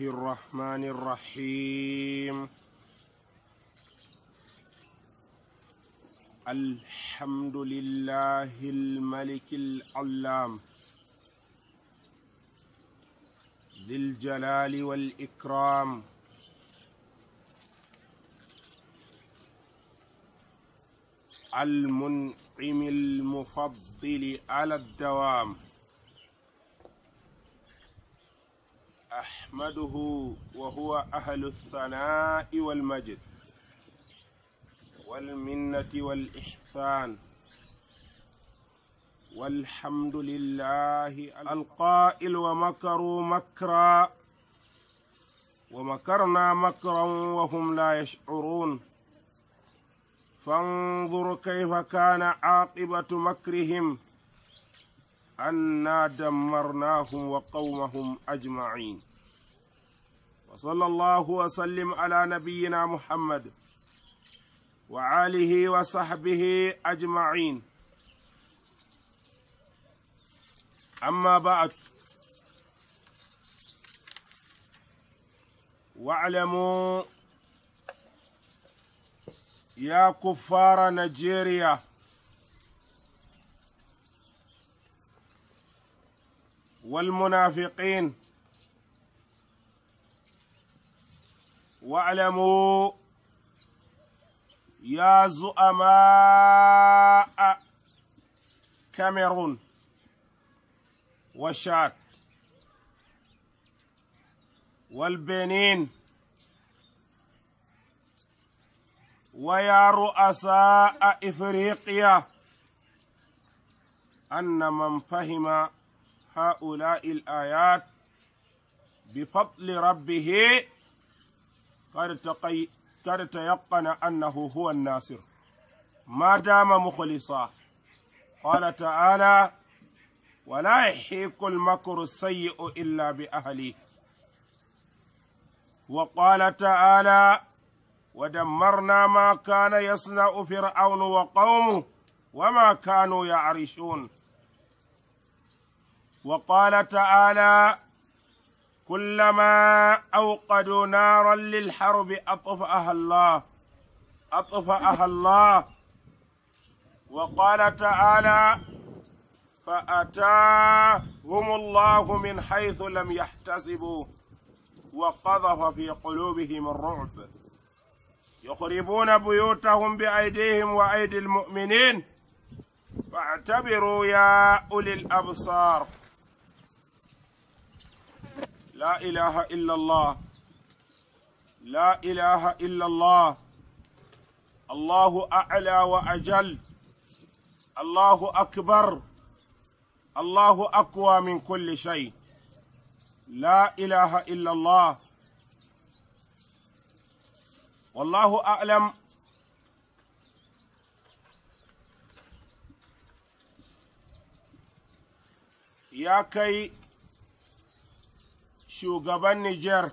الرحمن الرحيم الحمد لله الملك العلام ذي الجلال والإكرام المنعم المفضل على الدوام أحمده وهو أهل الثناء والمجد والمنة والإحسان والحمد لله القائل ومكروا مكرا ومكرنا مكرا وهم لا يشعرون فانظر كيف كان عاقبة مكرهم أنا دمرناهم وقومهم أجمعين وصلى الله وسلم على نبينا محمد وعاله وصحبه أجمعين أما بعد واعلموا يا كفار نيجيريا والمنافقين واعلموا يا زؤماء كاميرون والشاد والبنين ويا رؤساء افريقيا ان من فهم هؤلاء الآيات بفضل ربه قد تيقن أنه هو الناصر ما دام مخلصا قال تعالى ولا يحيق المكر السيء إلا بأهله وقال تعالى ودمرنا ما كان يصنع فرعون وقومه وما كانوا يعرشون وقال تعالى كلما أوقدوا نارا للحرب أطفأها الله أطفأها الله وقال تعالى فأتاهم الله من حيث لم يحتسبوا وقذف في قلوبهم الرعب يخربون بيوتهم بأيديهم وأيدي المؤمنين فاعتبروا يا أولي الأبصار لا إله إلا الله لا إله إلا الله الله أعلى وأجل الله أكبر الله أقوى من كل شيء لا إله إلا الله والله أعلم يا كي shugaban Nijar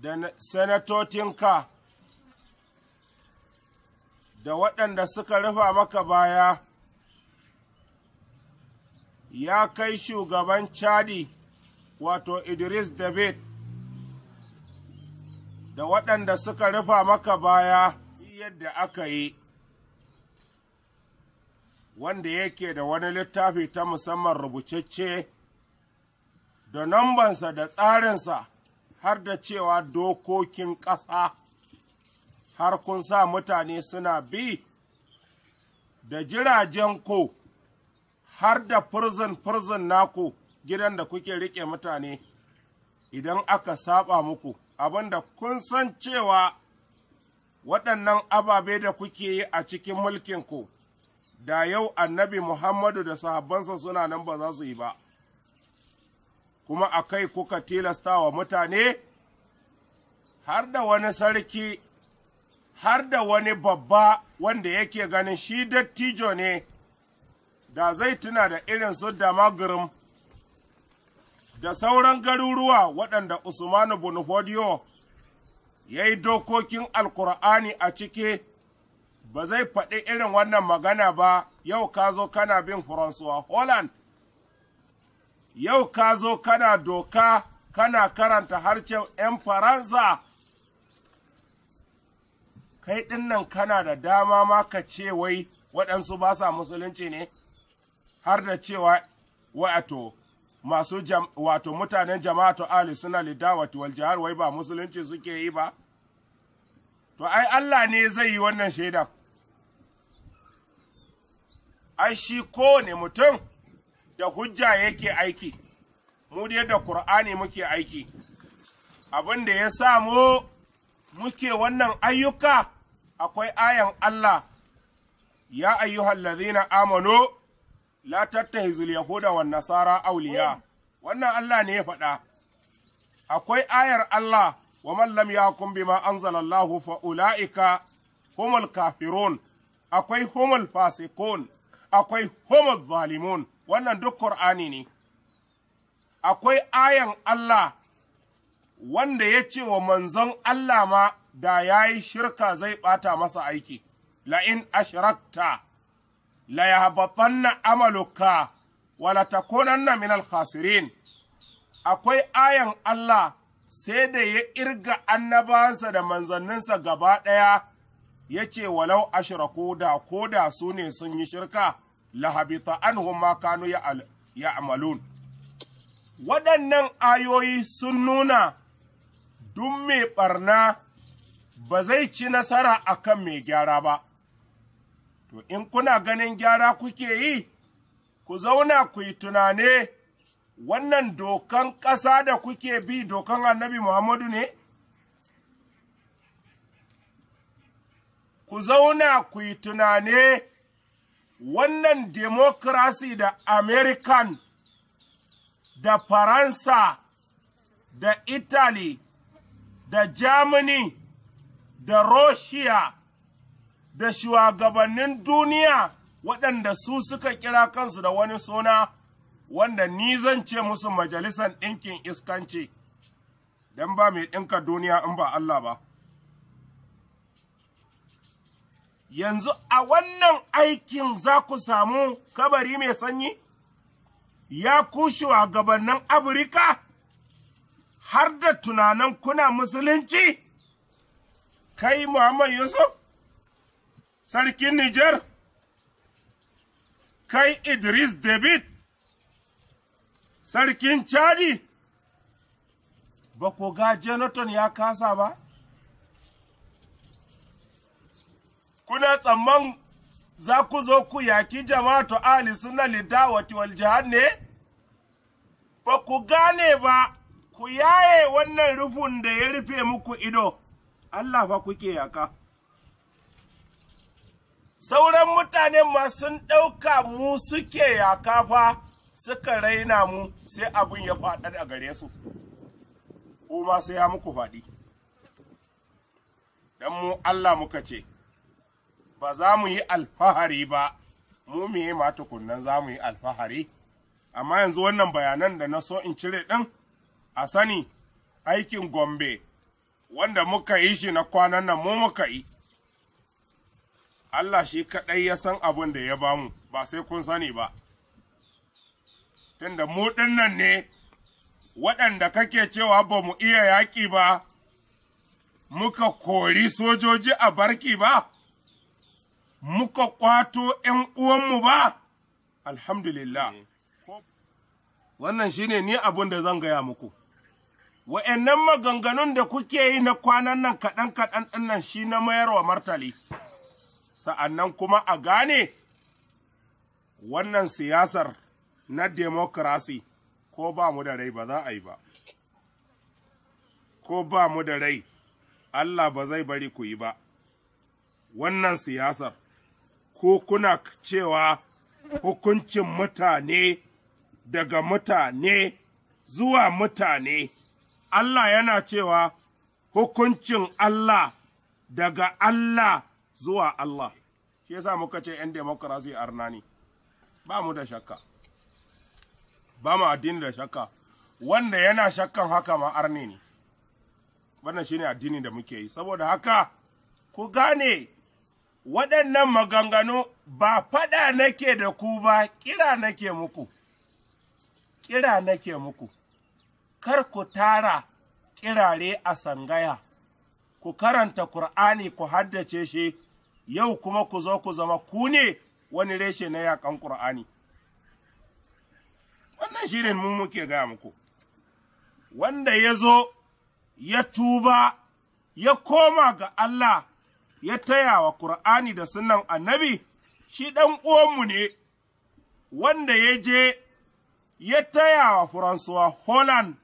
da senatotinka da waɗanda suka rufa maka baya ya kai shugaban Chadi wato Idris David da waɗanda suka rufa maka baya yadda aka yi wanda yake da wani littafi ta musamman rubucecce da nambansa da tsarinsa har da cewa dokokin ƙasa har kun sa mutane suna bi da jiragen ko har da furzin-furzin naku gidan da kuke riƙe mutane idan aka saba muku abinda kun san cewa waɗannan ababe da kuke yi a cikin mulkinku da yau annabi Muhammadu da sahabbansa suna nan ba za su yi ba. kuma a kai kuka tilasta wa mutane, har da wani sarki, har da wani babba wanda yake ganin shi dattijo ne, da zai tuna da irin su Damagurum, da sauran garuruwa waɗanda Usmanu Bunfodiyo ya yi dokokin Alkur'ani a cike ba zai faɗi irin wannan magana ba, yau ka zo kana bin Francois Holland. yau ka zo kana doka kana karanta harshen 'yan faransa kai ɗinnan kana da dama ma ka ce wai waɗansu ba sa musulunci ne har da cewa wato masu wato mutanen jama'atu ali suna lidawati wal jihar wai ba musulunci suke yi ba to ai Allah ne zai yi wannan shaidan. ai shi kowane mutum da hujja yake aiki mu dai da Kur'ani muke aiki abin da ya samu muke wannan ayyuka akwai ayan Allah ya ayyuhallazina amano la tattahizul yahuda wa nasara auliya, wannan Allah ne ya faɗa akwai ayar Allah wa Mallam ya kumbi ma an zalallahu Fa'ulaika, humul kafirun akwai humul fasikun akwai humul zalimun wannan duk ƙur'ani ne akwai ayan Allah wanda ya ce wa manzon Allah ma da ya yi shirka zai ɓata masa aiki la'in in ashrakta la yahbatanna amaluka wala ta konanna min al akwai ayan Allah sai da ya irga annabansa da manzanninsa gaba ɗaya ya ce walau ashiraku da ko da su ne sun yi shirka lahabita anhum ma kanu ya'malun waɗannan ayoyi sun nuna duk mai ɓarna ba zai ci nasara akan mai gyara ba to in kuna ganin gyara kuke yi ku zauna ku yi tunane wannan dokan ƙasa da kuke bi dokan annabi Muhammadu ne? Ku zauna ku yi tunane wannan demokrasi da Amerikan, da faransa da italy da germany da russia da shugabannin duniya waɗanda su suka kira kansu da wani suna wanda ni zan ce musu majalisar ɗinkin iskance, don ba mai ɗinka duniya in ba Allah ba. yanzu a wannan aikin za ku samu kabari mai sanyi ya kushe wa gabanin afirka har da tunanin kuna musulunci kai muhammad yusuf sarkin niger kai idris david sarkin chadi ba ku ga jonathan ya kasa ba kuna tsamman za ku zo ku yaki jama'atu ahli sunna lidawati wal jihad ne ba ku gane ba ku yaye wannan rufin da ya rufe muku ido Allah fa kuke yaka sauran mutane ma sun ɗauka mu suke yaka fa suka raina mu sai abin ya faɗa a gare su kuma sai ya muku faɗi dan mu Allah muka ce ba za mu yi alfahari ba mu yi ma tukunan za mu yi alfahari amma yanzu wannan bayanan da na so in cire ɗin a sani aikin gombe wanda muka yi shi na kwanan nan mu muka yi Allah shi kaɗai ya san abin da ya bamu ba sai kun sani ba tunda mu nan ne waɗanda kake cewa ba mu iya yaƙi ba muka kori sojoji a barki ba muka kwato ‘yan uwanmu ba, alhamdulillah. Eh. Wannan shi ne ni abin da zan gaya muku. Wa'yannan maganganun da kuke yi na kwanan nan kaɗan-kaɗan ɗinnan shi na mayar wa martali, sa'annan kuma a gane wannan siyasar na demokrasi ko ba mu da rai ba za a yi ba. Ko ba mu da rai, Allah ba zai bari ku yi ba. wannan siyasar ko kuna cewa hukuncin mutane daga mutane zuwa mutane, Allah yana cewa hukuncin Allah daga Allah zuwa Allah. Shi yasa muka ce ‘yan demokarasi arnani, ba mu da shakka, ba mu addini da shakka, wanda yana shakkan haka ma arne ne, wannan shine ne addini da muke yi, saboda haka ku gane waɗannan maganganu ba faɗa nake da ku ba kira nake muku kira nake muku kar ku tara kirare a sangaya ku karanta Kur'ani ku haddace shi yau kuma ku zo ku zama ku ne wani reshe na yakan Kur'ani wannan shirin mu muke gaya muku wanda ya zo ya tuba ya koma ga Allah ya taya wa Kur'ani da sunan annabi, shi ɗan uwanmu ne, wanda ya je ya taya wa Francois Holland,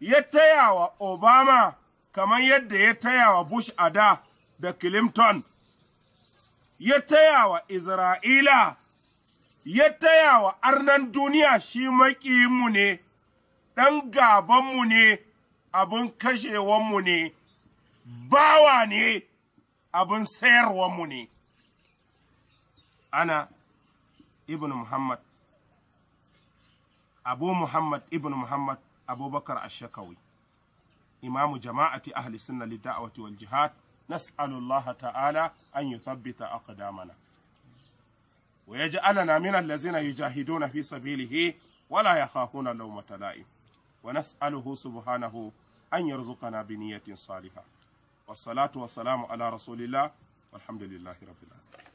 ya taya wa Obama, kamar yadda ya taya wa Bush ada da Clinton, ya taya wa Isra'ila, ya taya wa arnan duniya shi maƙiyinmu ne, ɗan gabanmu ne, abin kashewanmu ne, bawa ne. abun sayarwar mu ne ana ibn muhammad abu muhammad ibn muhammad abubakar ash-shakawi imamu jama'ati ahli sunna lidda'awati wal jihad nas'alu Allah ta'ala an yuthabbita aqdamana wa yaj'alana min allazina yujahiduna fi sabilihi wala la yakhafuna lawmata la'im wa nas'aluhu subhanahu an yarzuqana bi niyatin salihah والصلاة والسلام على رسول الله والحمد لله رب العالمين